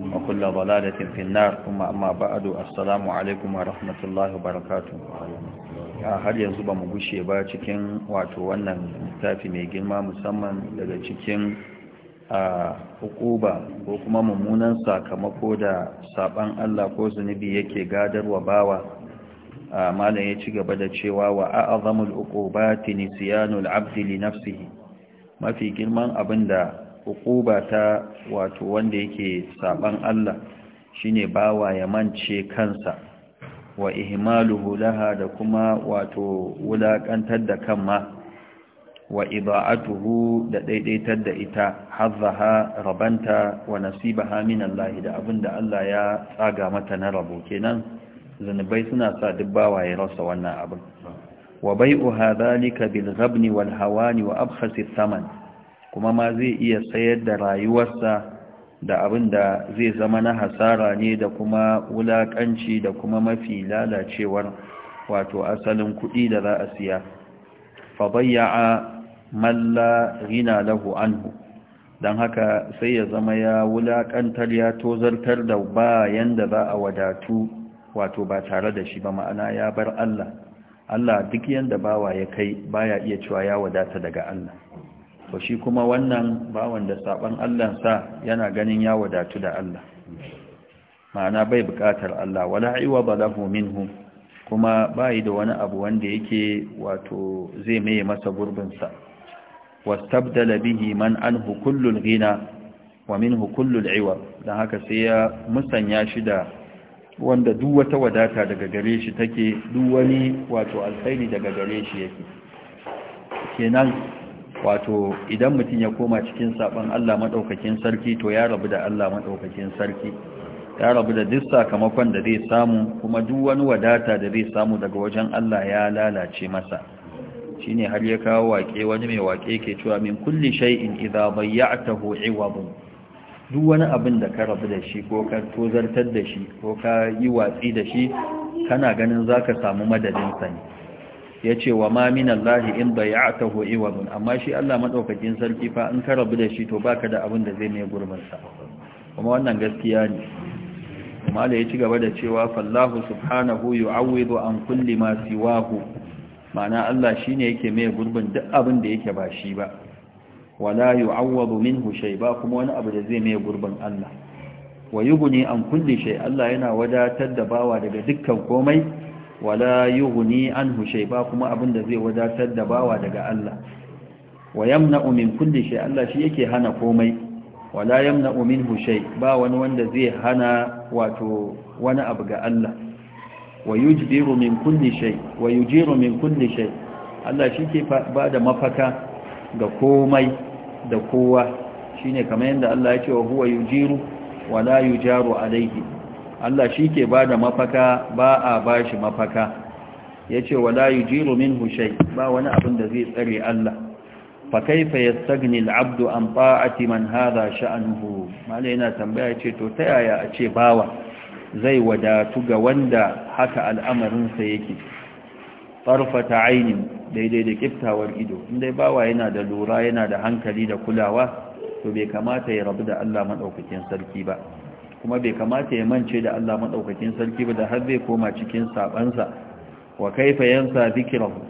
وكل ضلالة في النار ثم أما 'asalamu alaikum عليكم ورحمة الله وبركاته har yanzu ba mu gushe ba cikin wato wannan littafi mai girma musamman daga cikin hukuba ko kuma mummunan sakamako da saban Allah ko zunubi yake gadarwa bawa malam ya ci gaba da cewa wa a'azamul uqubati nisyanul abdi li nafsihi mafi girman abinda hukuba ta wato wanda yake saban Allah shine bawa ya mance kansa wa ihmaluhu laha da kuma wato wulakantar da kanma wa ida'atuhu da daidaitar da ita hazzaha rabanta wa nasibaha min Allah da abinda Allah ya tsaga mata na rabo kenan zanubai suna sa dubbawa ya rasa wannan abin wa bai'u dhalika bil ghabni wal hawani wa abkhasi thaman kuma ma zai iya sayar da rayuwarsa da abin da zai zama na hasara ne da kuma wulaƙanci da kuma mafi lalacewar wato asalin kuɗi da za a siya Fa fabayya'a malla rina lahu anhu don haka sai ya zama ya wulaƙantar, ya tozartar da ba yanda za a wadatu wato ba tare da shi ba ma'ana ya bar Allah Allah duk yanda bawa ya kai baya iya cewa ya wadata daga Allah to shi kuma wannan bawan da saban sa yana ganin ya wadatu da Allah ma'ana bai bukatar Allah wala aiwa balahu minhu kuma bai da wani abu wanda yake wato zai maye masa gurbinsa wastabdala bihi man anhu kullul ghina wa minhu kullul iwa dan haka sai ya musanya shi da wanda duk wata wadata daga gare shi take duk wani wato alkhairi daga gare shi yake kenan wato idan mutum ya koma cikin saban Allah maɗaukakin sarki to ya rabu da Allah madaukakin sarki ya rabu da duk sakamakon da zai samu kuma duk wani wadata da zai samu daga wajen Allah ya lalace masa shine har ya kawo wake wani mai waƙe ke cewa min kulli shay'in idza bayya'tahu 'iwadun duk wani abin da ka rabu da shi ko ka tozartar da shi ko ka yi watsi da shi kana ganin zaka samu madadin sa ne ya ce wa ma min Allah in bai'atahu mun amma shi Allah madaukakin sarki fa an ka rabu da shi to baka da abin da zai mai gurbinsa kuma wannan gaskiya ne kuma ya ci gaba da cewa fallahu subhanahu yu'awwidu an kulli ma siwahu ma'ana Allah shine yake mai gurbin duk abin da yake ba shi ba wala yu'awwadu minhu shay ba kuma wani abu da zai mai gurbin Allah wa an kulli shay Allah yana wadatar da bawa daga dukkan komai wala an anhu ba kuma abin da zai wadatar da bawa daga Allah wa yamna'u min kulli shay Allah shi yake hana komai wala yamna'u minhu shay ba wani wanda zai hana wato wani abu ga Allah wa yujbiru min kulli shay wa yujiru min kulli shay Allah shi ke ba da mafaka ga komai da kowa shine kamar yadda Allah ya ce wa huwa yujiru wala yujaru alaihi Allah shi ke ba da mafaka ba a ba shi mafaka ya ce wala yi jiro min hushai ba wani abin da zai tsare Allah fa kaifa ya stagni al'abdu an ba'ati man haza sha'anuhu mala yana tambaya ce to ta yaya a ce bawa zai wadatu ga wanda haka al'amarinsa yake farfata ainin daidai da kiftawar ido inda bawa yana da lura yana da hankali da kulawa to bai kamata ya rabu da Allah maɗaukakin sarki ba kuma bai kamata ya mance da Allah maɗaukakin sarki ba da har zai koma cikin sabansa wa kaifa yansa zikrahu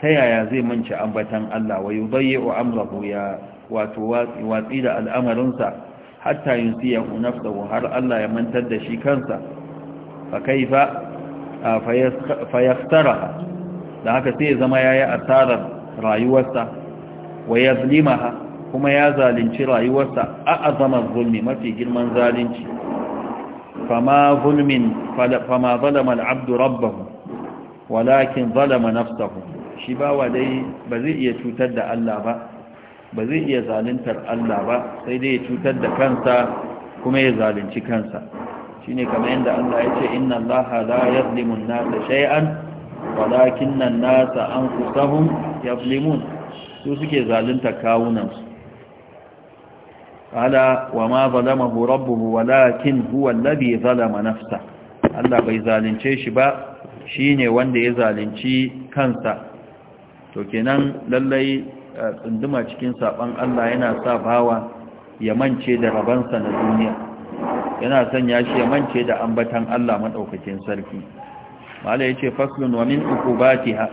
ta yaya zai mance ambatan Allah wa yudayyi'u amrahu ya wato watsi da al'amarinsa hatta yunsiyahu nafsuhu har Allah ya mantar da shi kansa fa kaifa a fayastara da haka sai ya zama yayi asarar rayuwarsa wa yazlimaha kuma ya zalunci rayuwarsa a azamar zulmi mafi girman zalunci fama zulmin fama zalama al'abdu rabbahu walakin zalama shi bawa dai ba zai iya cutar da Allah ba ba zai iya zaluntar Allah ba sai dai ya cutar da kansa kuma ya zalunci kansa shine kamar yadda Allah ya ce inna Allaha la yadhlimu nasa shay'an walakinna an-nasa anfusahum yadhlimun su suke zalunta kawunansu ala wa ma zalamahu rabbuhu walakin huwa alladhi zalama nafsa Allah bai zalunce shi ba shine wanda ya zalunci kansa to kenan lallai eh, tsunduma cikin saban Allah yana sa bawa ya mance da rabansa na duniya yana sanya shi ya mance da ambatan Allah madaukakin sarki malai yace faslun wa min uqubatiha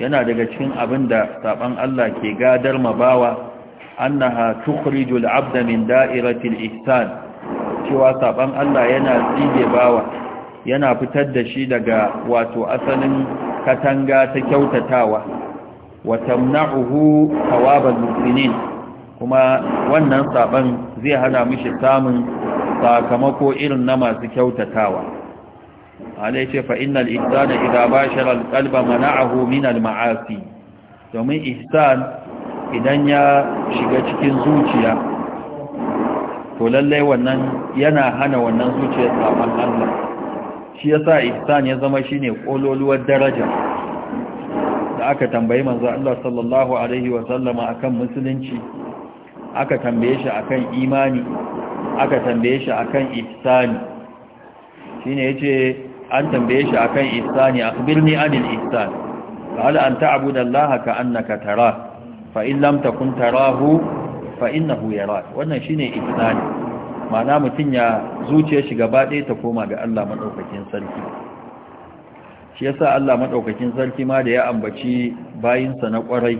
yana daga cikin abin da saban Allah ke gadar mabawa annaha tukhrijul abda min da'iratil ihsan cewa saban Allah yana tsige bawa yana fitar da shi daga wato asalin katanga ta kyautatawa wa tamna'uhu thawabal mu'minin kuma wannan saban zai hana mishi samun sakamako irin na masu kyautatawa alai ce fa innal ihsana idza bashara al qalba mana'ahu min al ma'asi domin ihsan idan ya shiga cikin zuciya to lallai wannan yana hana wannan zuciya saman Allah shi yasa ihsan ya zama shine kololuwar daraja da aka tambayi manzo Allah sallallahu alaihi wa sallama akan musulunci aka tambaye shi akan imani aka tambaye shi akan ihsani shine yace an tambaye shi akan ihsani akhbirni anil ihsan qala an ta'budallaha ka'annaka tarah fa'in lamta lam takun tarahu fa innahu wannan shine ihsani ma'ana mutum ya zuciyar shi gaba ɗaya ta koma ga Allah maɗaukakin sarki shi yasa Allah maɗaukakin sarki ma da ya ambaci bayinsa na kwarai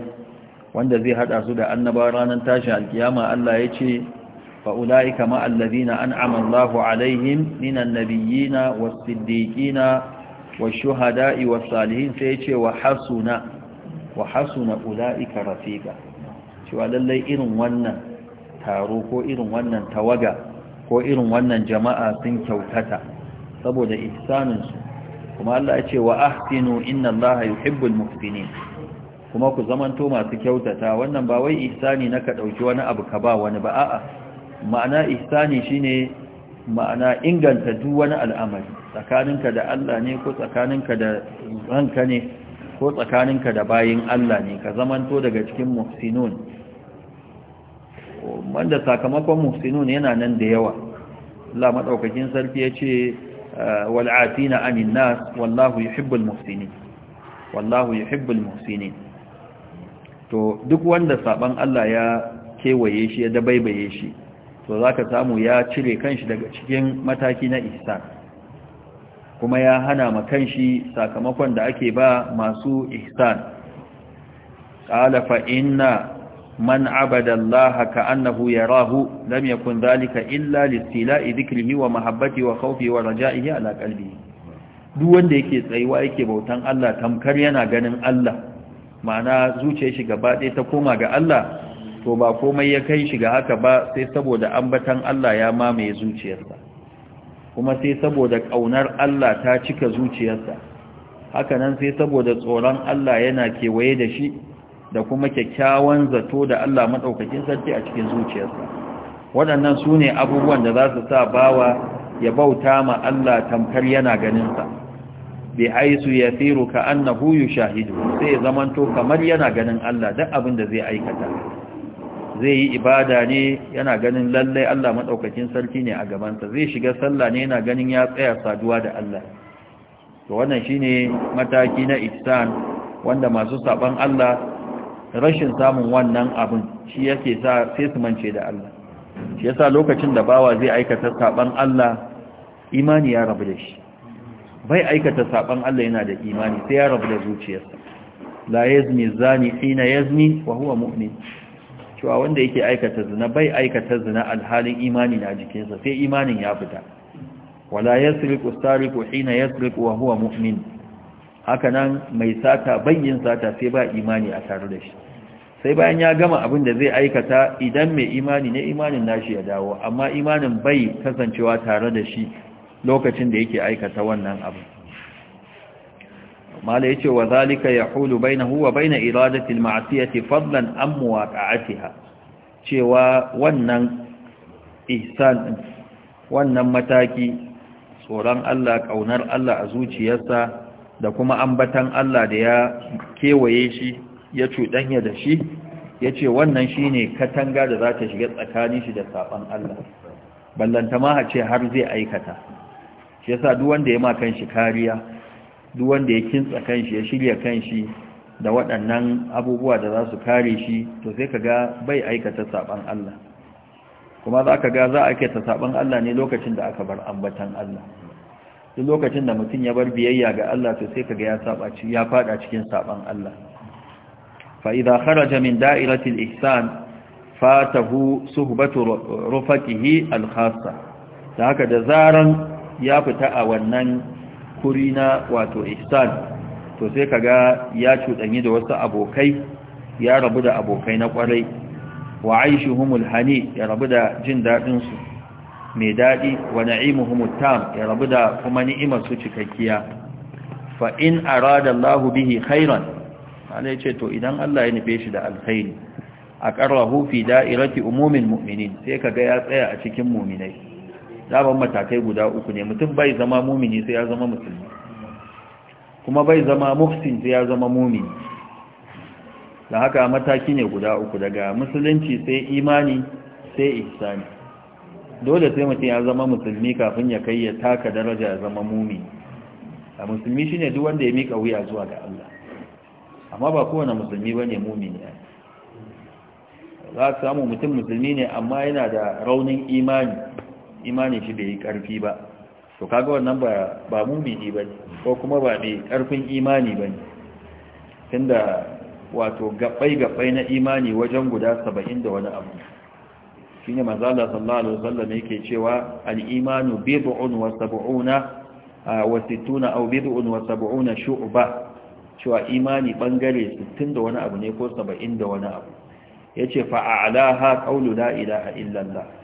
wanda zai hada su da annaba ranar tashin alkiyama Allah ya ce fa'ula'ika ma'allazina an amallahu alaihim minan nabiyina wasiddiƙina wa shuhada'i wa salihin sai ya ce wa hasuna wa hasuna ula'ika rafiqa cewa lallai irin wannan taro ko irin wannan tawaga ko irin wannan jama'a sun kyautata saboda ihsaninsu kuma Allah ya ce wa ahsinu inna yuhibbul muhsinin kuma ku zamanto masu kyautata wannan ba wai ihsani na ka dauki wani abu ka ba wani ba a'a ma'ana ihsani shine ma'ana inganta duk wani al'amari tsakaninka da Allah ne ko tsakaninka da ranka ne ko tsakaninka da bayin Allah ne ka zamanto daga cikin muhsinun wanda sakamakon muhsinun yana nan da yawa Allah madaukakin sarki yace ah, wal atina anin nas wallahu yuhibbul muhsinin wallahu yuhibbul muhsinin to duk wanda saban Allah ya kewaye shi ya dabaibaye shi to zaka samu ya cire kanshi daga cikin mataki na ihsan kuma ya hana ma shi sakamakon da ake ba masu ihsan ƙala fa inna man abada ka annahu yarahu lam kun dhalika illa listila'i dhikrihi wa mahabbati wa khawfi wa raja'ihi ala qalbi duk wanda yake tsayuwa yake bautan Allah tamkar yana ganin Allah ma'ana zuciyar shi gaba ɗaya ta koma ga Allah to ba komai ya kai shi ga haka ba sai saboda ambatan Allah ya mamaye zuciyarsa kuma sai saboda ƙaunar Allah ta cika zuciyarsa hakanan sai saboda tsoron Allah yana kewaye da shi da kuma kyakkyawan zato da Allah maɗaukakin sarki a cikin zuciyarsa waɗannan su ne abubuwan da za su sa bawa ya bauta ma Allah tamkar yana ganinsa bi aisu ya firu ka annahu yushahidu sai zamanto kamar yana ganin Allah duk abin da zai aikata zai yi ibada ne yana ganin lallai Allah maɗaukacin sarki ne a gabansa zai shiga sallah ne yana ganin ya tsaya saduwa da Allah to wannan shine mataki na ihsan wanda masu saban Allah rashin samun wannan abin shi yake sa sai su mance da Allah shi yasa lokacin da bawa zai aikata saban Allah imani ya rabu da shi bai aikata saban Allah yana da imani sai ya rabu da zuciyarsa la yazni zani hina yazni wa huwa mu'min cewa wanda yake aikata zina bai aikata zina alhalin imani na jikinsa sai imanin ya fita wala yasriqu sariqu hina yasriqu wa huwa mu'min hakanan mai sata bayyin sata sai ba imani a tare da shi sai bayan ya gama abin da zai aikata idan mai imani ne imanin nashi ya dawo amma imanin bai kasancewa tare da shi lokacin da yake aikata wannan abin. mala yace wa zalika yahulu bainahu wa bain iradati al-ma'siyati fadlan am muwaqa'atiha cewa wannan ihsan wannan mataki tsoron Allah kaunar Allah a zuciyarsa da kuma ambatan Allah da ya kewaye shi ya cuɗanya da shi ya ce wannan shi ne katanga da zata shiga tsakanin shi da saban Allah ballanta ma ce har zai aikata shi yasa duk wanda ya kan shi kariya duk wanda ya kintsa kanshi ya shirya kanshi da waɗannan abubuwa da za su kare shi to sai ka ga bai aikata saban Allah kuma za ka ga za a aikata saban Allah ne lokacin da aka bar ambatan Allah duk lokacin da mutum ya bar biyayya ga Allah to sai ka ga ya ya faɗa cikin saɓan Allah fa idza kharaja min da'iratil ihsan fatahu suhbatu rufatihi al-khassa da haka da zaran ya fita a wannan kuri na wato ihsan to sai kaga ya cuɗanyi da wasu abokai ya rabu da abokai na kwarai wa aishuhumul hani ya rabu da jin daɗin su mai daɗi wa na'imuhumut tam ya rabu da kuma ni'imar su cikakkiya fa in arada Allah bihi khairan Allah yace to idan Allah ya nufe shi da alkhairi aqarrahu fi da'irati umumin mu'minin sai kaga ya tsaya a cikin mu'minai daban matakai guda uku ne mutum bai zama mumini sai ya zama musulmi kuma bai zama mufsin sai ya zama mumini da haka mataki ne guda uku daga musulunci sai imani sai ihsani dole sai mutum ya zama musulmi kafin ya kai ya taka daraja ya zama mumini a musulmi shine duk wanda ya mika wuya zuwa ga Allah amma ba kowane musulmi bane mumini za ka samu mutum musulmi ne amma yana da raunin imani imanin shi da yi ƙarfi ba to kaga wannan ba ba mumini bane ko kuma ba mai ƙarfin imani bane tunda wato gabbai gabbai na imani wajen guda 70 da wani abu shine manzo Allah sallallahu alaihi wasallam yake cewa al-imanu bid'un wa sab'una wa sittuna aw bid'un wa sab'una shu'ba cewa imani bangare 60 da wani abu ne ko 70 da wani abu yace fa a'laha qawlu la ilaha illallah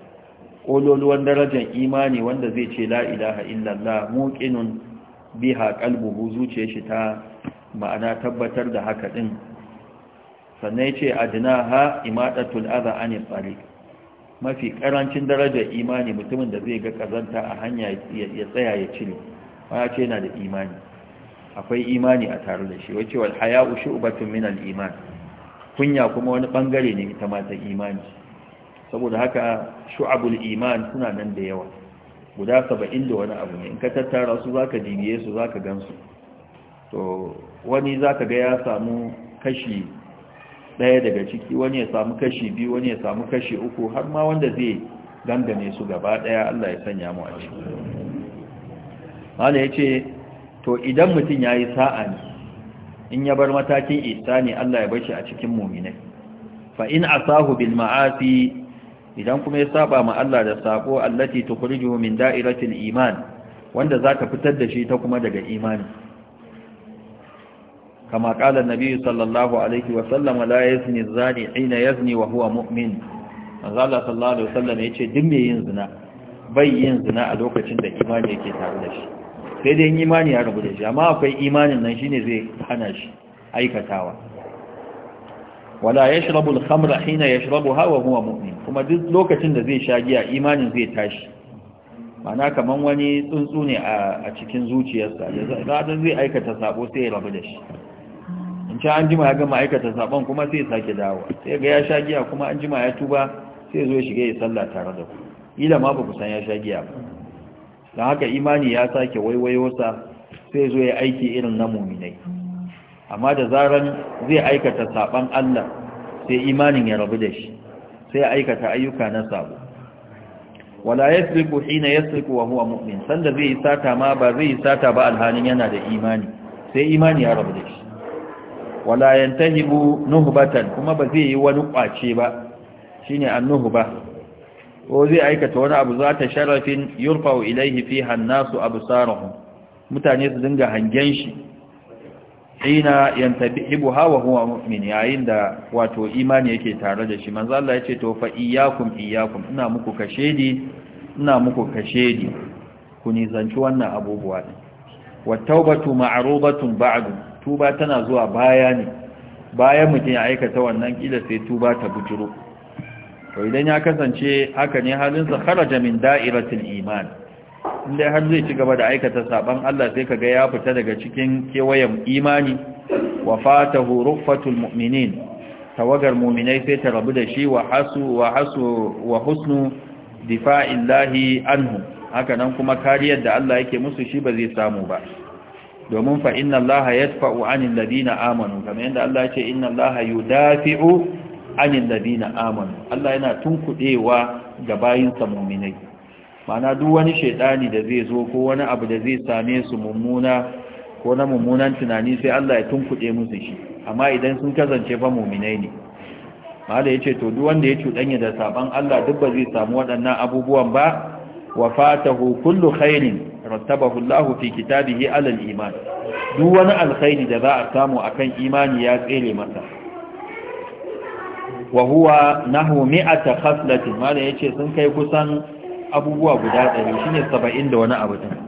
ƙololuwan darajar imani wanda zai ce la ilaha illallah muqinun biha hu zuciyar shi ta ma'ana tabbatar da haka din sannan yace ha imadatul adha anil tariq mafi karancin darajar imani mutumin da zai ga kazanta a hanya ya tsaya ya cire ma ce yana da imani akwai imani a tare da shi wace wal haya'u shu'batun minal iman kunya kuma wani bangare ne ita ma ta imani saboda haka shu'abul iman suna nan da yawa guda saba'in da wani abu ne in ka tattara su za ka jibiye su za ka gansu to wani za ka ga ya samu kashi ɗaya daga ciki wani ya samu kashi biyu wani ya samu kashi uku har ma wanda zai gangane su gaba ɗaya allah ya sanya mu a ciki mala ya ce to idan mutum ya yi sa'a ne in ya bar matakin isa ne allah ya bar shi a cikin muminai fa in asahu bil ma'asi idan kuma ya saba ma Allah da sako allati tukhrijuhu min da'iratil iman wanda zaka fitar da shi ta kuma daga imani kama kala nabi sallallahu alaihi wa sallam la yazni zani ina yazni wa huwa mu'min manzo Allah sallallahu alaihi wa sallam yace duk mai yin zina bai yin zina a lokacin da imani yake tare da shi sai dai imani ya rubuta shi amma akwai imanin nan shine zai hana shi aikatawa wala yashrabu al-khamra hina yashrabuha wa huwa mu'min kuma duk lokacin da zai sha giya imanin zai tashi mana kaman wani tsuntsu ne a cikin zuciyarsa da zai aikata sabo sai ya rabu da shi in ci an jima ya gama aikata sabon kuma sai ya sake dawo sai ga ya sha giya kuma an jima ya tuba sai zo ya shiga ya salla tare da ku ila ma ba ku san ya sha giya ba don haka imani ya sake waiwayo sa sai zo ya aiki irin na muminai amma da zaran zai aikata saban Allah sai imanin ya rabu da shi sai ya aikata ayyuka na sabo wala yasriku hina yasriku wa huwa mu'min sanda zai yi sata ma ba zai yi sata ba alhalin yana da imani sai imani ya rabu da shi wala yantahibu nuhbatan kuma ba zai yi wani kwace ba shine annuhba ko zai aikata wani abu za ta sharafin yurfa ilaihi fiha an-nasu absaruhum mutane su dinga hangen shi hina yantabihu hawa huwa mu'min yayin da wato imani yake tare da shi manzo Allah yace to fa iyyakum iyyakum ina muku kashedi ina muku kashedi ku zanci wannan abubuwa din Taubatu ma'rubatun ba'du tuba tana zuwa baya ne bayan mutum ya aikata wannan kila sai tuba ta bujuro to idan ya kasance haka ne halin sa kharaja min da'iratul iman inda har zai ci gaba da aikata saban Allah sai kaga ya fita daga cikin kewayen imani wa fatahu ruffatul mu'minin tawagar mu'minai sai ta rabu da shi wa hasu wa hasu wa husnu anhu haka nan kuma kariyar da Allah yake musu shi ba zai samu ba domin fa inna Allah yadfa'u 'anil ladina amanu kamar yadda Allah ya ce inna Allah yudafi'u 'anil ladina amanu Allah yana tunkudewa ga bayinsa mu'minai ma'ana duk wani shaidani da zai zo ko wani abu da zai same su mummuna ko na mummunan tunani sai Allah ya tunkuɗe musu shi amma idan sun kazance fa muminai ne mala yace to duk wanda ya cuɗanya da saban Allah duk ba zai samu waɗannan abubuwan ba wa fatahu kullu khairin rattabahu Allah fi kitabihi ala al-iman duk wani alkhairi da za a samu akan imani ya tsere masa wa huwa nahwu mi'ata khaslatin mala yace sun kai kusan abubuwa guda ɗari shi ne saba'in da wani abu kullum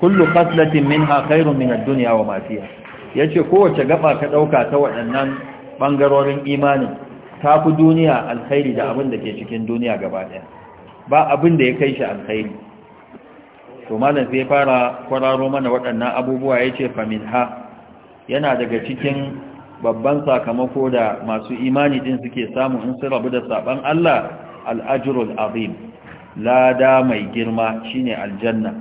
kullu khaslatin minha khairun min ad-dunya wa ma fiha yace kowace gaba ka ɗauka ta waɗannan bangarorin imanin ta fi duniya alkhairi da abin da ke cikin duniya gaba ɗaya ba abin da ya kai shi alkhairi to malam sai fara kwararo mana waɗannan abubuwa yace famin ha yana daga cikin babban sakamako da masu imani din suke samu in su rabu da saban Allah al-ajrul azim lada mai girma shine aljanna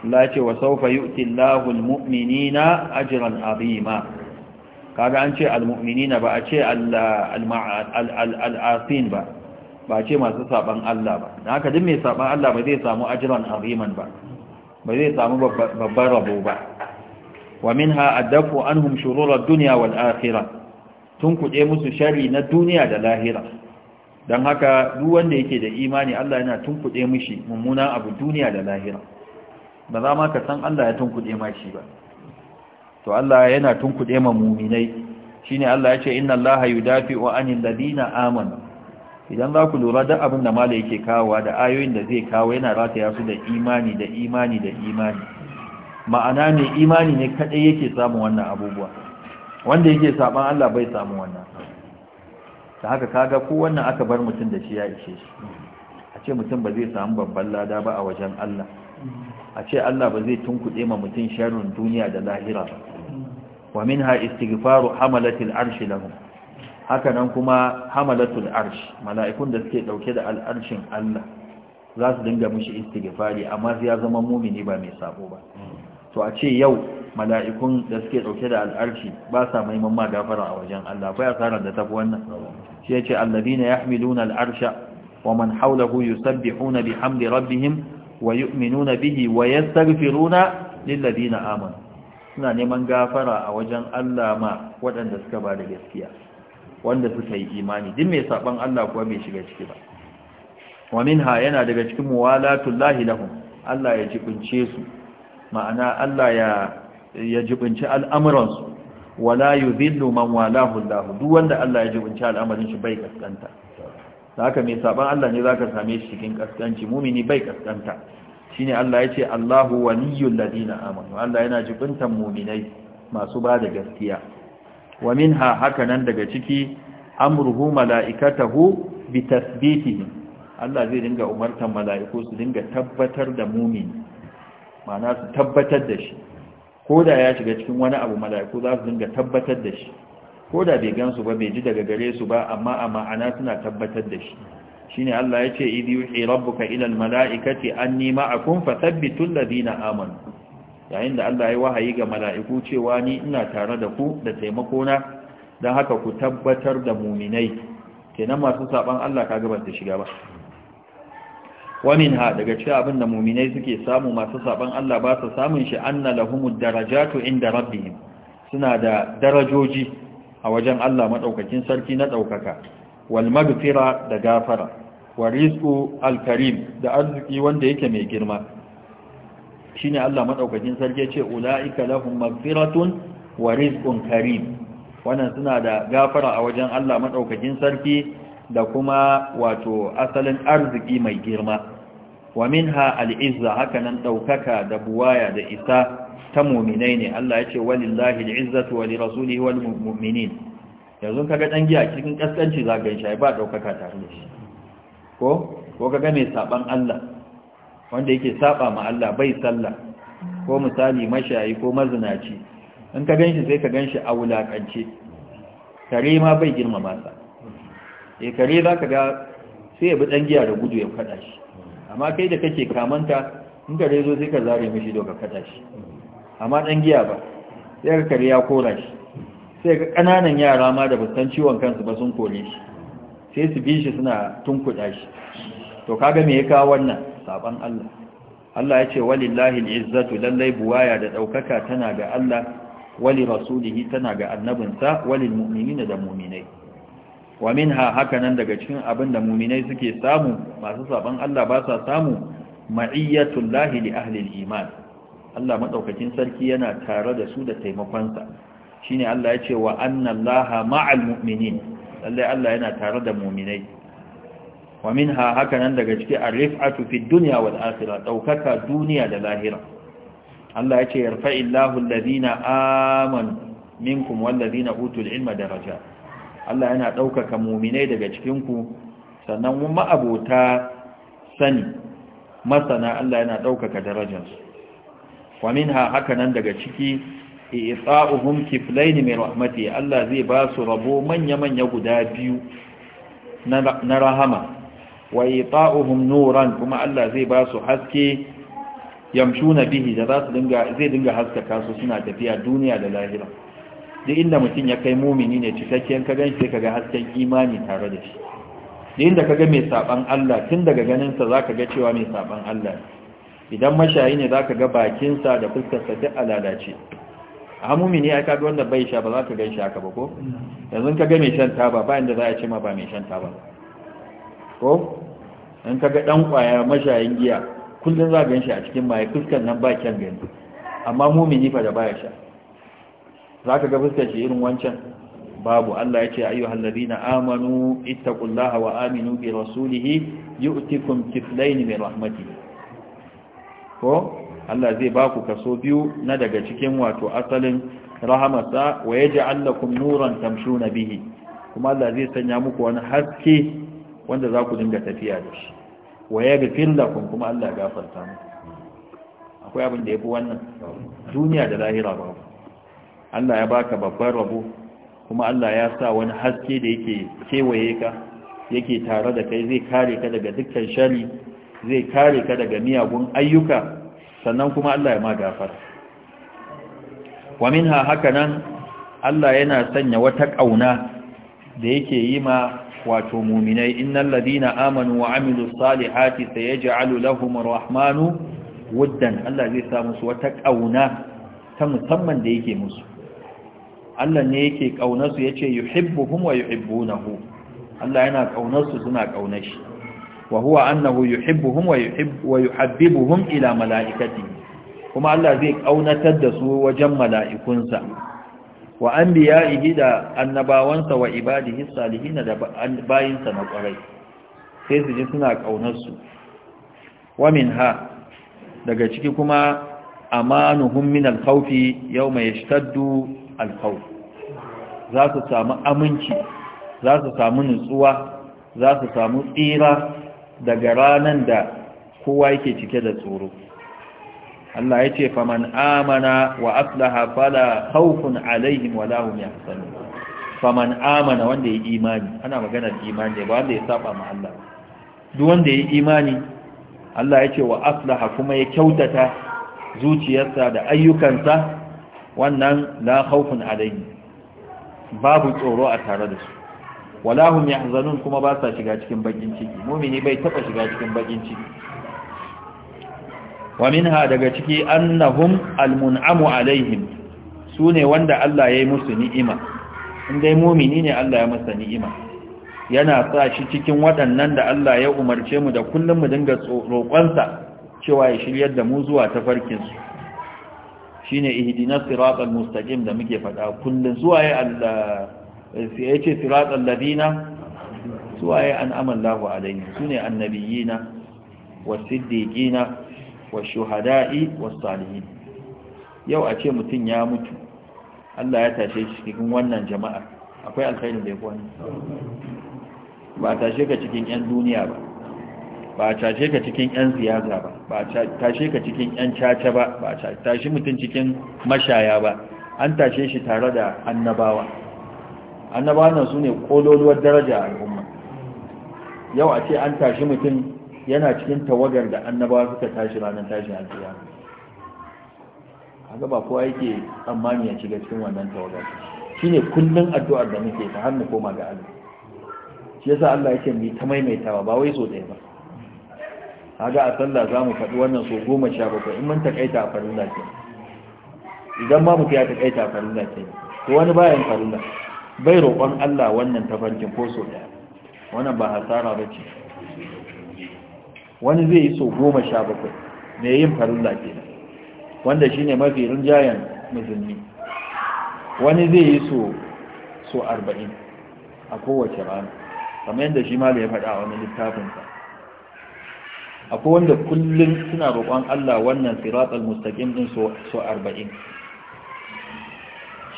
Allah ce wa sawfa yu'ti Allahu almu'minina ajran azima kaga an ce almu'minina ba a ce al-mace al-asin ba ba a ce masu saban Allah ba dan haka duk mai saban Allah ba zai samu ajran aziman ba ba zai samu babban rabo ba wa minha adafu anhum shurura ad-dunya wal akhirah tun kuɗe musu shari na duniya da lahira don haka duk wanda yake da imani Allah yana tunkuɗe mishi mummuna abu duniya da lahira ba za ma ka san Allah ya tunkuɗe ma shi ba to Allah yana tunkuɗe ma muminai shine Allah ya ce inna Allah yudafi'u anil ladina aman idan za ku lura da abin da mala yake kawowa da ayoyin da zai kawo yana rataya su da imani da imani da imani ma'ana ne imani ne kadai yake samun wannan abubuwa wanda yake saban Allah bai samu wannan ta haka kaga ko wannan aka bar mutum da shi ya ishe shi a ce mutum ba zai samu babban lada ba a wajen Allah a ce Allah ba zai tunkuɗe ma mutum sharrin duniya da lahira wa minha istighfaru hamalatul arshi lahum haka nan kuma hamalatul arshi mala'ikun da suke dauke da al'arshin Allah za su dinga mishi istighfari amma ya zama mumini ba mai sabo ba to a ce yau mala'ikun da suke dauke da al'arshi ba sa maiman ma gafara a wajen Allah fa asarar da tafi wannan shi ya alladhina yahmiluna al'arsha wa man hawlahu yusabbihuna bihamdi rabbihim wa yu'minuna bihi wa lillabi na amanu suna neman gafara a wajen Allah ma waɗanda suka ba da gaskiya wanda suka yi imani din mai saɓan Allah kuwa bai shiga ciki ba wa minha yana daga cikin muwalatullahi lahi lahum Allah ya jibince su ma'ana Allah ya ya jibinci al'amuransu wala yudhillu man walahu Allah duk wanda Allah ya jibinci al'amarin shi bai kaskanta haka mai saban Allah ne zaka same shi cikin kaskanci mumini bai kaskanta ne Allah yace Allahu waliyul ladina amanu Allah yana jibintan muminai masu ba da gaskiya wa minha haka nan daga ciki amruhu malaikatahu bi tasbitihi Allah zai dinga umartan mala'iku su dinga tabbatar da mumini ma'ana su tabbatar da shi ko da ya shiga cikin wani abu mala'iku za su dinga tabbatar da shi ko da bai gansu ba bai ji daga gare su ba amma a ma'ana suna tabbatar da shi shine Allah ya ce idhi yuhi rabbuka ila almala'ikati anni ma'akum fathabbitu alladhina amanu yayin da Allah ya wahayi ga mala'iku cewa ni ina tare da ku da taimako na dan haka ku tabbatar da mu'minai kenan masu saban Allah kaga ba ta shiga ba wamin ha daga cikin abin da muminai suke samu masu saban Allah ba su samun shi anna lahumud darajatu inda rabbihim suna da darajoji a wajen Allah madaukakin sarki na daukaka wal magfira da gafara wa rizqu al karim da arziki wanda yake mai girma shine Allah madaukakin sarki ce ulaika lahum magfiratun wa rizqun karim wannan suna da gafara a wajen Allah madaukakin sarki da kuma wato asalin arziki mai girma wa minha al'izza haka nan ɗaukaka da buwaya da isa ta muminai ne Allah ya ce walillahi al'izzatu wa lirasulihi wal mu'minin yanzu kaga dan giya cikin kaskanci za ga shi ba ɗaukaka tare da shi ko ko kaga mai saban Allah wanda yake saba ma Allah bai sallah ko misali mashayi ko mazinaci in ka ganshi sai ka ganshi a wulakance kare ma bai girmama sa e kare za ka ga sai ya bi ɗan giya da gudu ya kada shi amma kai da kake kamanta in kare zo sai ka zare mishi doka kada shi amma ɗan giya ba sai ka kare ya kora shi sai ka ƙananan yara ma da bustan ciwon kansu ba sun kore shi sai su bi shi suna tunkuɗa shi to kaga me ya kawo wannan saban Allah Allah ya ce walillahi al'izzatu lallai buwaya da ɗaukaka tana ga Allah wali rasulihi tana ga annabinsa walil mu'minina da mu'minai wa minha hakanan daga cikin abin da muminai suke samu masu saban Allah ba sa samu ma'iyyatul lahi li ahli iman Allah maɗaukacin sarki yana tare da su da taimakonsa sa shine Allah ya ce wa annan laha ma'al mu'minin Allah yana tare da muminai wa minha hakanan daga cikin arifatu fid wal akhirah ɗaukaka duniya da lahira Allah ya ce yarfa'illahu alladhina amanu minkum wallazina utul ilma daraja. Allah yana ɗaukaka muminai daga cikinku sannan mun ma'abota sani masana Allah yana ɗaukaka darajarsu Kwamin ha haka nan daga ciki kifilai kiflaini mai rahmati Allah zai ba su rabo manya-manya guda biyu na rahama wa ita'uhum nuran kuma Allah zai ba su haske yamshuna bihi da za su zai dinga haskaka su suna tafiya duniya da lahira duk inda mutum ya kai mumini ne cikakken ka gan shi ka ga hasken imani tare da shi duk inda ka ga mai saban Allah tun daga ganinsa za ka ga cewa mai saban Allah idan mashayi ne za ka ga bakinsa da fuskarsa duk a lalace a mumini ya kaga wanda bai sha ba za ka gan shi haka ba ko yanzu ka ga mai shan taba ba inda za a ce ma ba mai shan taba ko in ka ga dan kwaya mashayin giya kullum za gan shi a cikin maye fuskar nan ba kyan gani amma mumini fa da baya sha za ka ga fuskar shi irin wancan babu Allah ya ce ayyu na amanu ittaqullaha wa aminu bi rasulihi yu'tikum kiflayn min rahmati. ko Allah zai ba ku kaso biyu na daga cikin wato asalin rahamata wa yaj'al lakum nuran tamshuna bihi kuma Allah zai sanya muku wani haske wanda za ku dinga tafiya da shi wa yaghfir lakum kuma Allah ya gafarta muku akwai abin da ya fi wannan duniya da lahira ba Allah ya baka babban rabo kuma Allah ya sa wani haske da yake kewaye ka yake tare da kai zai kare ka daga dukkan shari zai kare ka daga miyagun ayyuka sannan kuma Allah ya ma gafara wa minha hakanan Allah yana sanya wata kauna da yake yi ma wato muminai innal ladina amanu wa amilus salihati sayaj'alu lahum rahmanu wuddan Allah zai sa musu wata kauna ta musamman da yake musu Allah ne yake ce yace yuhibbuhum wa yuhibbunahu Allah yana ƙaunarsu suna kaunar shi wa huwa annahu yuhibbuhum wa yuhibbu wa ila malaikati kuma Allah zai ƙaunatar da su wajen mala'ikunsa wa anbiya'ihi da annabawansa wa ibadihi lihina da bayinsa na kwarai sai su ji suna ƙaunarsu. wa ha. daga ciki kuma amanuhum min yau mai yashtaddu alkhawf za su samu aminci za su samu nutsuwa za su samu tsira daga ranan da kowa yake cike da tsoro Allah ya ce faman amana wa aslaha fala khawfun alaihim wala hum yahzanun faman amana wanda ya imani ana maganar imani ne ba wanda ya saba ma Allah duk wanda ya imani Allah ya ce wa aslaha kuma ya kyautata zuciyarsa da ayyukansa wannan la khawfun alaihim babu tsoro a tare da su wala hum yahzanun kuma ba sa shiga cikin bakin ciki mumini bai taba shiga cikin bakin ciki wa minha daga ciki annahum almun'amu alaihim sune wanda Allah ya musu ni'ima dai mumini ne Allah ya masa ni'ima yana sa shi cikin waɗannan da Allah ya umarce mu da kullum mu dinga roƙonsa cewa ya shiryar da mu zuwa tafarkin su shine ihidinar siratal mustaqim da muke faɗa kullun suwaye Allah eh, sai yace siratal ladina suwaye an'ama Allahu alaihim sune annabiyina wa shuhada'i, wa salihin yau a ce mutum ya mutu Allah ya tashe shi cikin wannan jama'a akwai alkhairin da ya kwani ba tashe ka cikin 'yan duniya ba ba a tashe ka cikin 'yan siyasa ba ba a tashe ka cikin 'yan caca ba ba a tashe mutum cikin mashaya ba an tashe shi tare da annabawa annabawa nan su ne ƙololuwar daraja a al'umma yau a ce an tashe mutum yana cikin tawagar da annabawa suka tashi ranar tashin alfiya haka ba ko aiki tsammani ya shiga cikin wannan tawagar shi ne kullum addu'ar da muke ta hannu koma ga Allah shi yasa Allah yake ni ta maimaitawa ba wai so ɗaya ba kaga a sallah za mu faɗi wannan so goma sha bakwai in mun takaita a farilla ke idan ba mutum ya takaita a farilla ke to wani bayan farilla bai roƙon Allah wannan tafarkin ko so ɗaya wannan ba hasara ba ce wani zai yi so goma sha bakwai mai yin farilla na? wanda shine mafi rinjayen musulmi wani zai yi so so arba'in a kowace rana kamar yadda shi ma da ya faɗa a wani littafinsa akwai wanda kullum suna roƙon Allah wannan siratal mustaqim din so so 40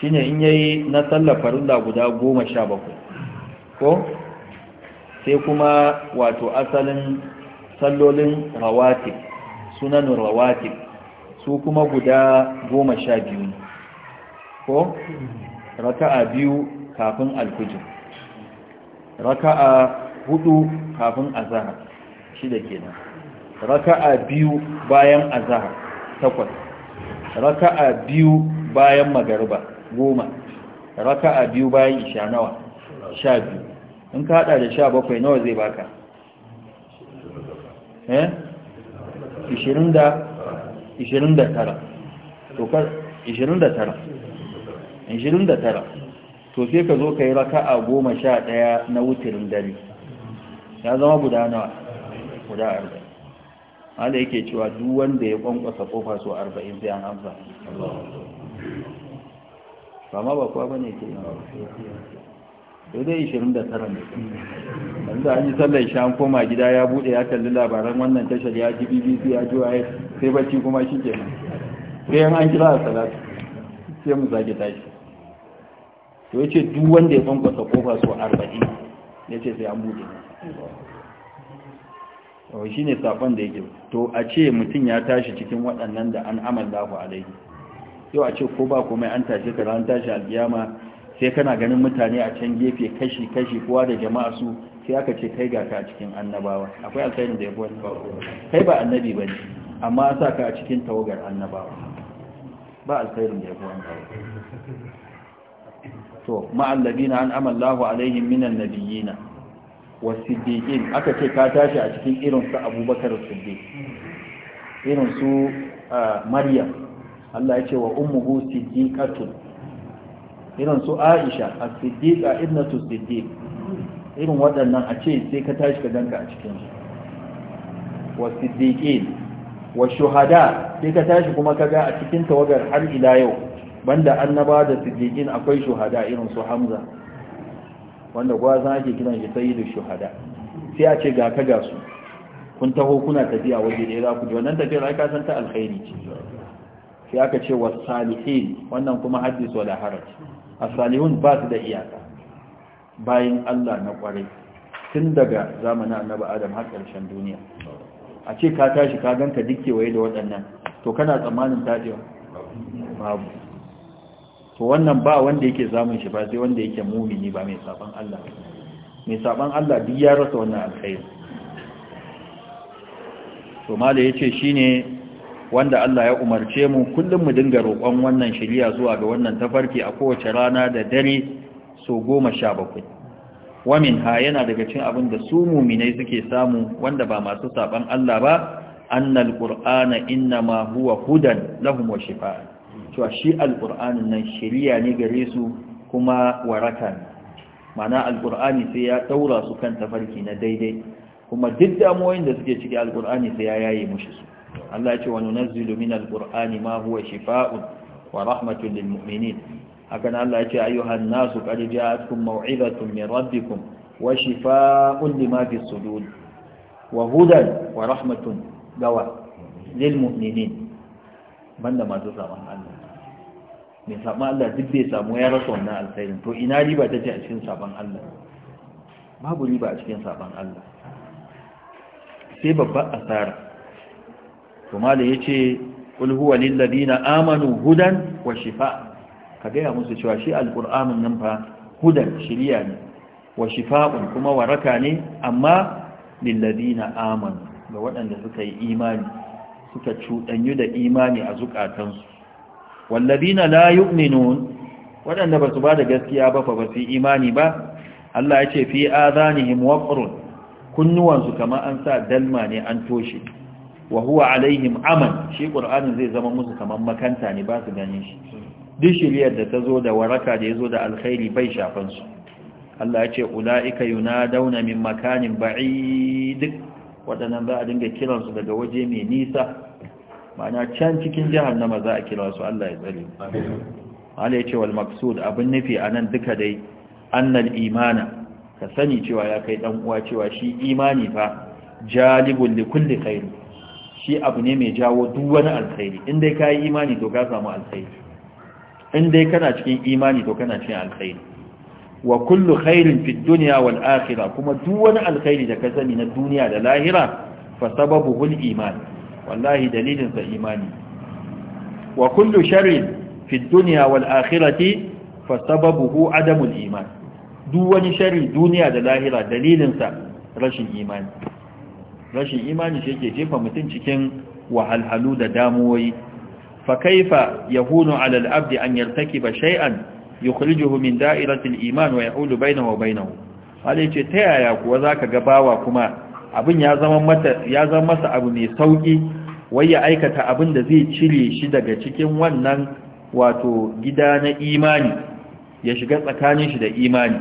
shine in yayi na sallar farilla guda 17 ko sai kuma wato asalin sallolin rawatib sunan rawatib su kuma guda 12 ne ko raka'a biyu kafin alfijir raka'a hudu kafin shi da kenan raka'a biyu bayan azhar takwas raka'a biyu bayan magariba goma raka'a biyu bayan isha nawa sha biyu in ka hada da sha bakwai nawa zai baka eh ishirin da tara to kar 29 to sai ka zo ka yi raka'a goma sha ɗaya na wutirin dare ya zama guda nawa guda arba'in wanda yake cewa duk wanda ya kwankwasa kofa so 40 zai an amsa ba ma ba kuwa bane ke yi yau dai 29 ne yanzu an yi sallar shan koma gida ya bude ya kalli labaran wannan tashar ya ji bbc ya ji waye sai bacci kuma shi ke sai yan an kira a salatu sai mu zage tashi to ya ce duk wanda ya kwankwasa kofa so 40 ya ce sai an bude ne shi ne saƙon da yake to a ce mutum ya tashi cikin waɗannan da an amalla ku alaihi yau a ce ko ba komai an tashi ka ran tashi alƙiyama sai kana ganin mutane a can gefe kashi kashi kowa da jama'a su sai aka ce kai ga ka a cikin annabawa akwai alƙairin da ya fi kai ba annabi ba ne amma an sa ka a cikin tawagar annabawa ba alƙairin da ya fi to to na an a laifin minan nabiyina wa siddiqin aka ce ka tashi a cikin irin su abubakar siddiq irin su uh, maryam Allah ya ce wa ummuhu siddiqatun irin su aisha a siddiqa ibnatu siddiq irin waɗannan a ce sai ka tashi ka danka a cikin su wa siddiqin wa shuhada sai ka tashi kuma ka ga a cikin tawagar har ila yau banda annaba da siddiqin akwai shuhada irin su hamza wanda gwaza ake kiran shi da shuhada sai a ce ga ka ga su kun taho kuna tafiya waje da ya za ku ji wannan tafiyar ai ka san ta alkhairi ce sai aka ce wa salihin wannan kuma hadis wala haraj as-salihun ba su da iyaka Bayan Allah na kwarai tun daga zamanin annabi Adam har karshen duniya a ce ka tashi ka ganka duk kewaye da waɗannan to kana tsammanin tajewa babu to wannan ba wanda yake zamun shi ba sai wanda yake mumini ba mai saban Allah mai saban Allah duk ya rasa wannan alkhairi to malai yace shine wanda Allah ya umarce mu kullum mu dinga roƙon wannan shari'a zuwa ga wannan tafarki a kowace rana da dare so 17 wamin ha yana daga cikin abin da su muminai suke samu wanda ba masu saban Allah ba annal qur'ana innama huwa hudan lahum wa shifaa cewa shi alƙur'anin nan shari'a ne gare su kuma waraka ne mana alƙur'ani sai ya ɗaura su kan tafarki na daidai kuma duk damuwoyin da suke ciki alƙur'ani sai ya yaye mushi su Allah ce wani nunazzilu min alƙur'ani ma huwa shifa'un wa rahmatun lil mu'minin hakan Allah ya ce ayyuhan nasu qad ja'atkum maw'izatun mai rabbikum wa shifa'un lima fi sudur wa hudan wa rahmatun gawa lil mu'minin banda masu tsaron Allah mai saɓon Allah duk bai samu ya rasa wannan alkhairin to ina riba ta ce a cikin saɓon Allah babu riba a cikin saɓon Allah sai babbar asara to malai ya ce ƙulhuwa lillabina amanu hudan wa shifa ka gaya musu cewa shi alƙur'amin nan fa hudan shirya ne wa shifa'un kuma waraka ne amma lillabina amanu ga waɗanda suka yi imani suka cuɗanyu da imani a zukatansu na la yu'minun waɗanda ba su ba da gaskiya ba fa ba su imani ba Allah ya ce fi azanihim waqrun kunnuwansu kamar an sa dalma ne an toshe wa huwa alaihim aman shi qur'anin zai zama musu kamar makanta ne ba su ganin shi duk shiriyar da ta zo da waraka da ya zo da alkhairi bai shafan su Allah ya ce ula'ika yunadawna min makanin ba'id waɗannan za a dinga kiransu daga waje mai nisa ma'ana can cikin jahannama za a kira su Allah ya tsare Allah ya ce wal maqsud abin nufi anan duka dai annal imana ka sani cewa ya kai dan uwa cewa shi imani fa jalibul li kulli khair shi abu ne mai jawo duk wani alkhairi in dai kai imani to ka samu alkhairi in dai kana cikin imani to kana cikin alkhairi wa kullu khairin fid dunya wal akhirah kuma duk wani alkhairi da ka sani na duniya da lahira fa sababu al wallahi dalilinsa imani wa kullu sharrin fi dunya wal akhirati fa sababuhu adamul iman duk wani sharri duniya da lahira dalilinsa rashin imani rashin imani shi yake jefa mutum cikin wahalhalu da damuwoyi fa kaifa yahunu ala al abdi an yartakiba shay'an yukhrijuhu min da'irati al-iman wa yahulu bainahu wa bainahu hali ce ta yaya kuwa zaka ga bawa kuma abin ya zama mata ya zama masa abu mai sauki wai ya aikata abin da zai cire shi daga cikin wannan wato gida na imani ya shiga tsakanin shi da imani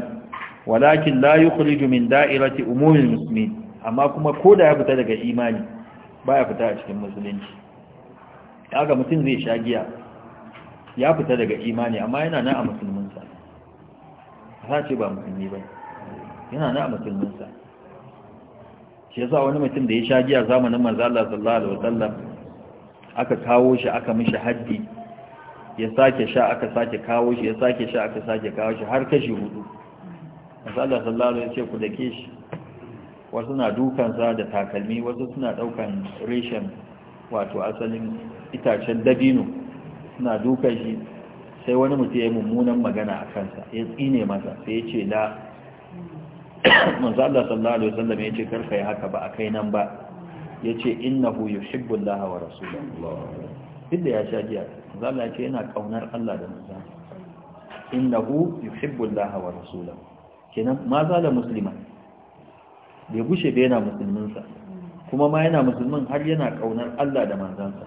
walakin la yukhriju min da'irati umumil muslimin amma kuma koda ya fita daga imani baya fita a cikin musulunci kaga mutum zai sha giya ya fita daga imani amma yana nan a musulminsa ba ce ba musulmi ba yana nan a musulminsa shi yasa wani mutum da ya sha giya zamanin manzo Allah sallallahu alaihi wasallam aka kawo shi aka mishi haddi ya sake sha aka sake kawo shi ya sake sha aka sake kawo shi har kashi hudu manzo Allah sallallahu alaihi wasallam ya ce ku dake shi wasu na dukansa da takalmi wasu suna daukan reshen wato asalin itacen dabino suna dukan shi sai wani mutum ya yi mummunan magana a kansa ya tsine masa sai ya ce la manzo Allah sallallahu alaihi wasallam ya ce karka yi haka ba a kai nan ba ya ce innahu yuhibbu Allah wa rasulahu duk ya sha giya manzo Allah ya ce yana kaunar Allah da manzo innahu yuhibbu Allah wa rasulahu kenan ma za da musulma bai gushe bai yana musulminsa kuma ma yana musulmin har yana kaunar Allah da sa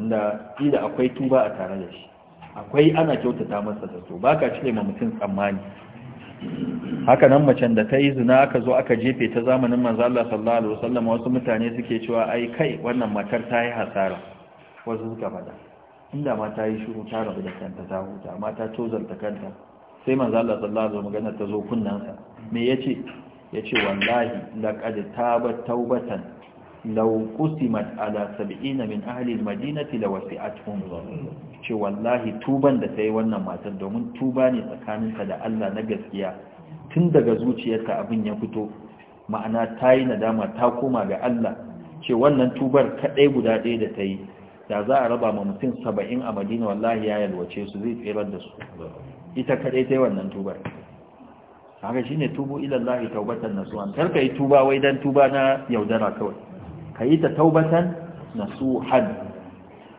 inda idan akwai tuba a tare da shi akwai ana kyautata masa da to baka cire ma mutum tsammani haka nan macen da ta yi zina aka zo aka jefe ta zamanin manzala sallallahu alaihi wasallam wasu mutane suke cewa ai kai wannan matar ta yi hasara wasu suka fada inda ma ta yi shuru ta rabu da kanta ta huta amma ta ta kanta sai manzala sallallahu alaihi magana ta zo kunnansa me yace yace wallahi laqad tabat taubatan لو قسمت على 70 من أهل المدينة لوسعتهم شي والله توبان da tayi wannan matar domin tuba ne tsakaninka da Allah na gaskiya tun daga zuciyarka abin ya fito ma'ana tayi nadama ta koma ga Allah ce wannan tubar kadai guda ɗaya da tayi da za a raba ma mutum 70 a Madina wallahi ya yalwace su zai tsirar da su ita kadai tayi wannan tubar haka shine tubu ila Allah tawbatan nasuha karka yi tuba wai dan tuba na yaudara kawai ka yi ta taubatan nasuhan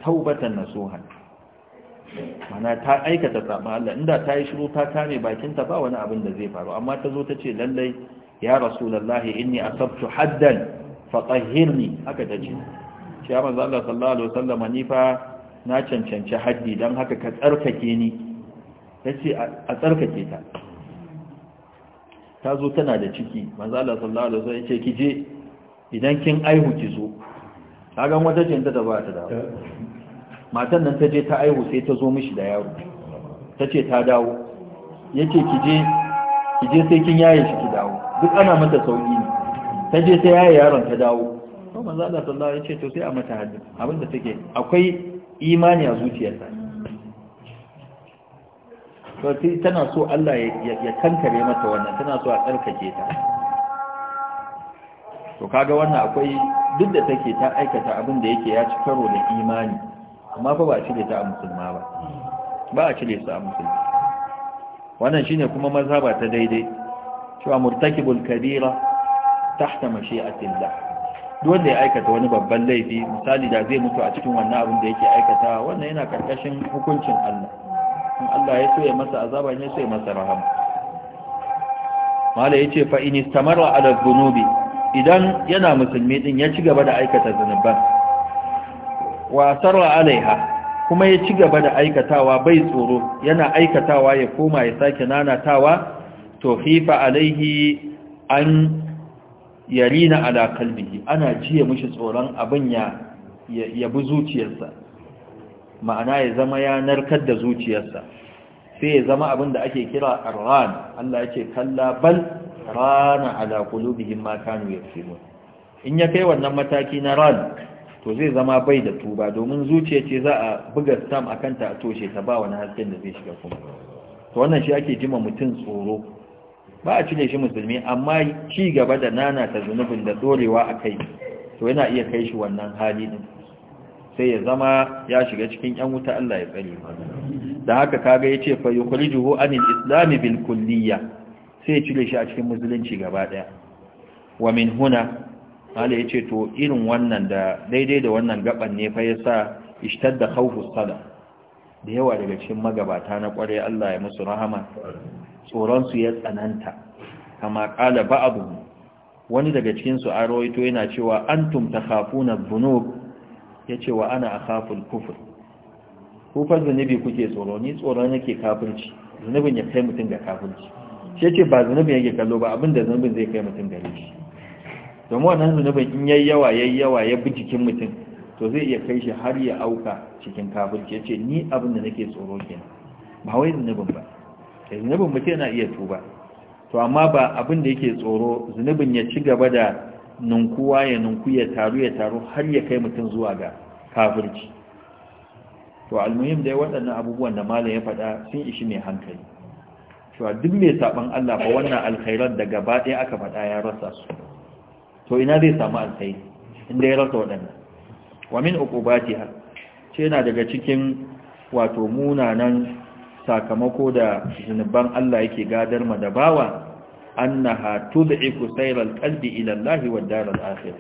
taubatan nasuhan mana ta aikata saɓa Allah inda ta yi shiru ta kame bakinta ba wani abin da zai faru amma ta zo ta ce lallai ya rasulallahi inni asabtu haddan fatahirni haka ta ce shi ya manzo Allah sallallahu alaihi wasallam ni fa na cancanci haddi dan haka ka tsarkake ni tace a tsarkake ta ta zo tana da ciki manzo Allah sallallahu alaihi wasallam ya ce ki je idan kin aihu ki zo kagan wata ce da ba ta dawo matan nan ta je ta aihu sai ta zo mishi da yaro ta ce ta dawo ya ce ki je sai kin yaye shi ki dawo duk ana mata sauƙi ne ta je sai yaye yaron ta dawo to manzo Allah sallallahu alaihi ya ce to sai a mata haddi abinda take akwai imani a zuciyarta to tana so Allah ya kankare mata wannan tana so a tsarkake ta to kaga wannan akwai duk da take ta aikata abin da yake ya ci karo da imani amma ba a cire ta a musulma ba ba a cire su a musulma wannan shine kuma mazhaba ta daidai cewa murtakibul kabira tahta mashi'atillah duk wanda ya aikata wani babban laifi misali da zai mutu a cikin wannan abin da yake aikata wannan yana karkashin hukuncin Allah in Allah ya so ya masa azaba ne so ya masa rahama mala yace fa in istamarra ala dhunubi idan yana musulmi din ya ci gaba da aikata zunuban wa sarra alaiha kuma ya ci gaba da aikatawa bai tsoro yana aikatawa ya koma ya sake nanatawa to hifa alaihi an yarina ala kalbihi ana jiye mishi tsoron abin ya ya bi zuciyarsa ma'ana ya zama ya narkar da zuciyarsa sai ya zama abin da ake kira arran Allah ya ce kalla bal rana ala kulubihim ma kanu yafsimun in ya kai wannan mataki na ran to zai zama bai da tuba domin zuciya ce za a buga sam akan ta toshe ta ba wani hasken da zai shiga kuma to wannan shi ake jima mutum tsoro ba a cire shi musulmi amma ci gaba da nana ta zunubin da dorewa a kai to yana iya kai shi wannan hali din sai ya zama ya shiga cikin yan wuta Allah ya tsare da haka kaga yace fa yukhrijuhu anil islami bil kulliyah sai ya cire shi a cikin musulunci gaba ɗaya wa min huna ala ya ce to irin wannan da daidai da wannan gaban ne fa ya sa ishtar da haufu sada da yawa daga cikin magabata na ƙwarai Allah ya musu rahama tsoronsu ya tsananta kama kala ba abu wani daga cikinsu a rawaito yana cewa antum ta na bunub ya ce wa ana a khaful kufur kufar zunubi kuke tsoro ni tsoro nake zunubin ya kai mutum ga kafirci shi ce ba zunubin yake kallo ba abinda zunubin zai kai mutum gare shi domin wannan zunubin in yayi yawa yayi yawa ya bi jikin mutum to zai iya kai shi har ya auka cikin kafirci ya ce ni abin da nake tsoro kenan ba wai zunubin ba zunubin mutum yana iya tuba to amma ba abin da yake tsoro zunubin ya ci gaba da ninkuwa ya ninku ya taru ya taru har ya kai mutum zuwa ga kafirci to almuhim dai waɗannan abubuwan da malam ya faɗa sun ishi mai hankali cewa duk mai saban Allah ba wannan alkhairan da gaba ɗaya aka faɗa ya rasa su to ina zai samu alkhairi inda ya rasa waɗannan wa min uqubatiha ce yana daga cikin wato munanan sakamako da zunuban Allah yake gadar ma da bawa annaha tud'iku sayral qalbi ila Allah wa al-akhir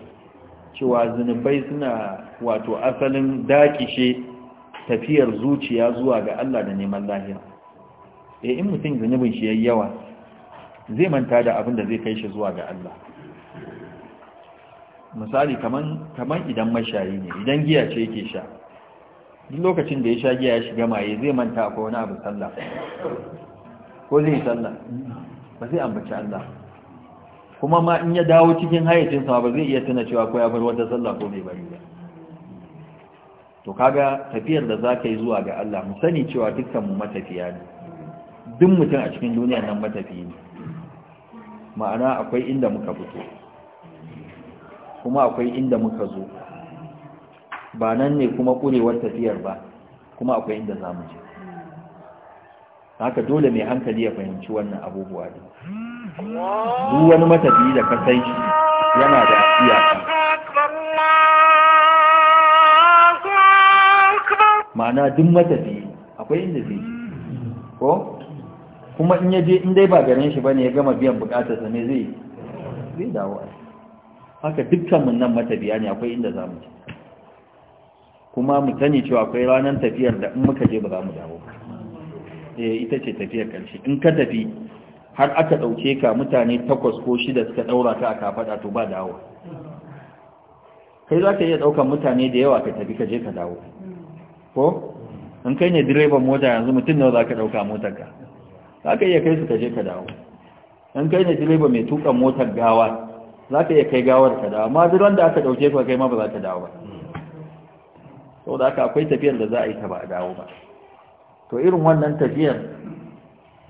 cewa zunubai suna wato asalin dakishe tafiyar zuciya zuwa ga Allah da neman lahira eh in mutum zunubin shi yayi yawa zai manta da abin da zai kai shi zuwa ga Allah misali kaman kaman idan mashayi ne idan giya ce yake sha duk lokacin da ya sha giya ya shiga maye zai manta akwai wani abu sallah ko zai sallah ba zai ambaci Allah kuma ma in ya dawo cikin hayyacinsa ba zai iya tuna cewa ko ya bar wata sallah ko bai bari ba to kaga tafiyar da za ka yi zuwa ga Allah mu sani cewa dukkan mu matafiya ne duk mutum a cikin duniya nan matafi ne ma'ana akwai inda muka fito kuma akwai inda muka zo ba nan ne kuma kurewar tafiyar ba kuma akwai inda za mu je haka dole mai hankali ya fahimci wannan abubuwa ne duk wani matafi da ka shi yana da iyaka ma'ana duk matafi akwai inda zai ko kuma in yaje in dai ba garin shi bane ya gama biyan bukatar sa ne zai zai dawo a haka dukkan mun nan matafiya ne akwai inda zamu ci kuma mu sani cewa akwai ranar tafiyar da in muka je ba za mu dawo eh ita ce tafiyar karshe in ka tafi har aka dauke ka mutane takwas ko shida suka daura ka aka fada to ba dawo kai za ka iya daukan mutane da yawa ka tafi ka je ka dawo ko in kai ne direban mota yanzu mutum nawa za ka dauka motar ka za ka iya kai su ka je ka dawo in kai ne direba mai tuka motar gawa za ka iya kai gawar ka dawo amma duk wanda aka ɗauke ka kai ma ba za ta dawo ba da aka akwai tafiyar da za a yi ta ba a dawo ba to irin wannan tafiyar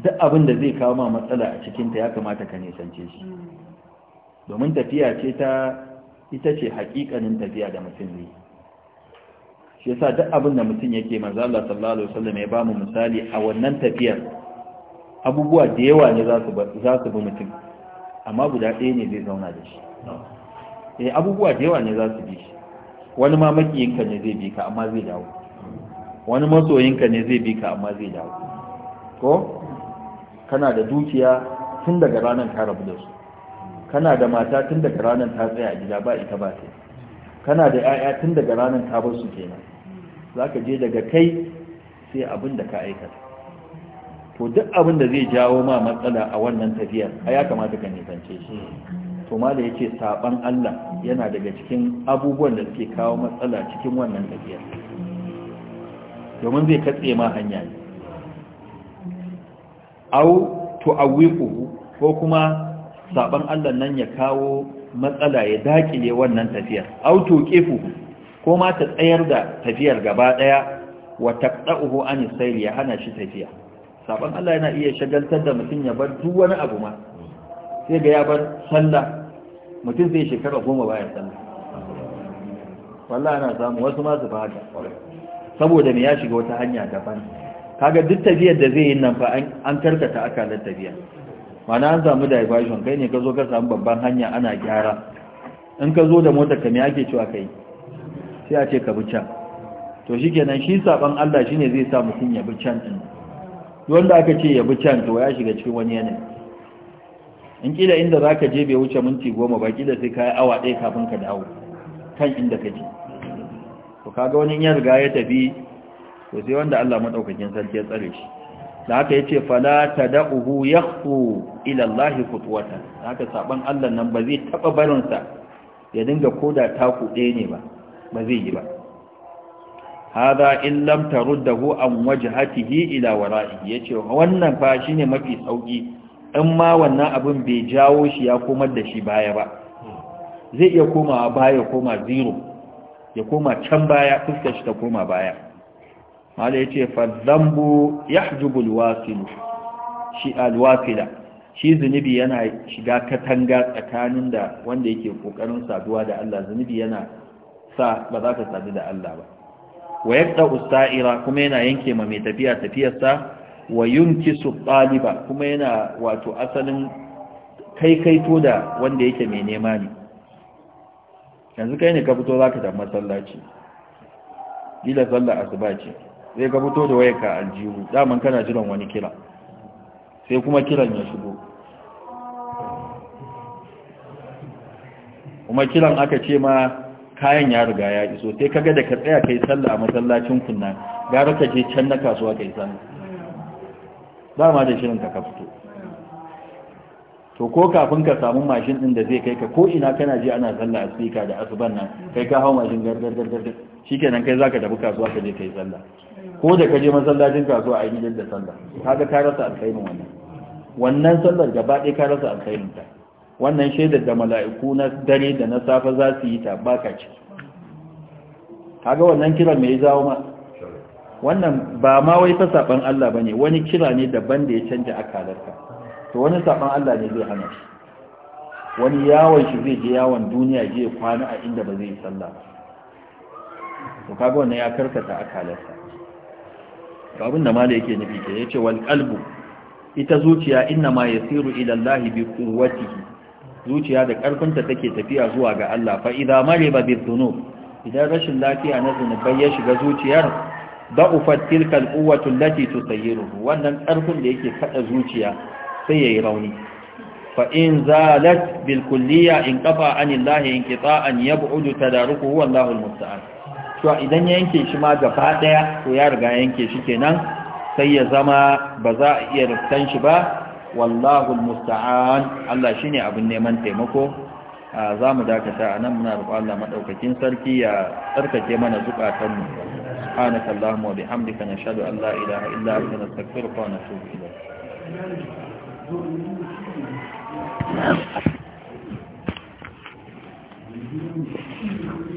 duk abin da zai kawo ma matsala a cikinta ya kamata ka nisance shi domin tafiya ce ta ita ce hakikanin tafiya da mutum ne shi yasa duk abin da mutum yake manzo Allah sallallahu alaihi wasallam ya ba mu misali a wannan tafiyar abubuwa da yawa ne za su bi mutum amma guda ɗaya ne zai zauna da shi eh abubuwa da yawa ne za su bi shi wani ma makiyinka ne zai bi ka amma zai dawo wani masoyinka ne zai bi ka amma zai dawo ko kana da dukiya tun daga ranar ka rabu da su kana da mata tun daga ranar ta tsaya a gida ba ita ba sai kana da 'ya'ya tun daga ranar ta bar su kenan za ka je daga kai sai abin da ka aikata to duk abin da zai jawo ma matsala a wannan tafiyar a ya kamata ka nisance shi to ma da yake saban Allah yana daga cikin abubuwan da suke kawo matsala cikin wannan tafiyar domin zai katse ma hanya ne au tu'awwiquhu ko kuma saban Allah nan ya kawo matsala ya dakile wannan tafiyar au tuqifu ko ma ta tsayar da tafiyar gaba daya wa taqta'uhu an sayl ya hana shi tafiya saban Allah yana iya shagaltar da mutum ya bar duk wani abu ma sai ga ya bar sallah mutum zai shekara goma bayan sallah wallah ana samu wasu ma su fata saboda me ya shiga wata hanya daban kaga duk tafiyar da zai yi nan fa an karkata akalar tafiya mana an samu diversion kai ne ka zo ka samu babban hanya ana gyara in ka zo da mota ka me ake cewa kai sai a ce ka bi can to shikenan shi saban Allah shine zai sa mutum ya bi can din wanda aka ce ya bi can to ya shiga cikin wani yanayi in kila inda za ka je bai wuce minti goma ba kila sai ka yi awa ɗaya kafin ka dawo kan inda ka je to kaga wani ya riga ya tafi to sai wanda Allah madaukakin sarki ya tsare shi da haka yace fala tad'uhu yaqtu ila Allah Da haka saban Allah nan ba zai taba barinsa ya dinga koda taku ɗaya ne ba ba zai yi ba hada in lam taruddahu an wajhatihi ila wara'ihi yace wannan fa shine mafi sauki in ma wannan abin bai jawo shi ya koma da shi baya ba zai iya komawa baya koma zero ya koma can baya fuskar shi ta koma baya mala yace fa dhanbu yahjubu alwasil shi alwasila shi zunubi yana shiga katanga tsakanin da wanda yake kokarin saduwa da Allah zunubi yana sa ba za ka sadu da Allah ba wa yaqta usta'ira kuma yana yanke ma mai tafiya tafiyarsa wa yunkisu taliba kuma yana wato asalin kai kaito da wanda yake mai nema ne yanzu kai ne ka fito zaka da masallaci ila sallar asuba ce sai ka fito da ka aljihu daman kana jiran wani kira sai kuma kiran ya shigo kuma kiran aka ce ma kayan ya riga ya iso sai kaga da ka tsaya kai sallah a masallacin kunna gara ka je can na kasuwa kai sallah ba ma da shirin ka fito to ko kafin ka samu mashin din da zai kai ka ko ina kana je ana sallah a sika da asuban nan kai ka hau mashin gargar gargar shikenan kai zaka tafi kasuwa ka je kai sallah ko da ka je masallacin kasuwa a yi da sallah kaga ka rasa alkhairin wannan wannan sallar gaba ɗaya ka rasa alkhairin ta wannan shaidar da mala'iku na dare da na safe za su yi ta baka ce kaga wannan kira mai zawo ma wannan ba ma wai ta saɓan Allah ne, wani kira ne daban da ya canja akalarka to wani saɓan Allah ne zai hana shi wani yawon shi zai je yawon duniya je ya kwana a inda ba zai yi sallah ba to kaga wannan ya karkata akalarsa to abin da malai yake nufi ke yace wal kalbu! ita zuciya inna ma yasiru ila Allah bi quwwatihi zuciya da ƙarfinta take tafiya zuwa ga Allah fa idza mariba idan rashin lafiya na zunubai ya shiga zuciyar da'ufat tilka alquwwatu allati tusayyiruhu wannan ƙarfin da yake faɗa zuciya sai yayi rauni fa in zalat bil kulliya in qafa anillahi inqita'an yab'udu tadarukuhu wallahu almusta'an to idan ya yanke shi ma gaba daya to ya riga yanke shi kenan sai ya zama ba za a iya ruftan shi ba wallahu musta'an Allah shine abin neman taimako za mu dakata anan muna roƙon Allah madaukakin sarki ya tsarkake mana zukatan mu subhanaka allahumma wa bihamdika nashhadu an la ilaha illa anta nastaghfiruka wa natubu ilayk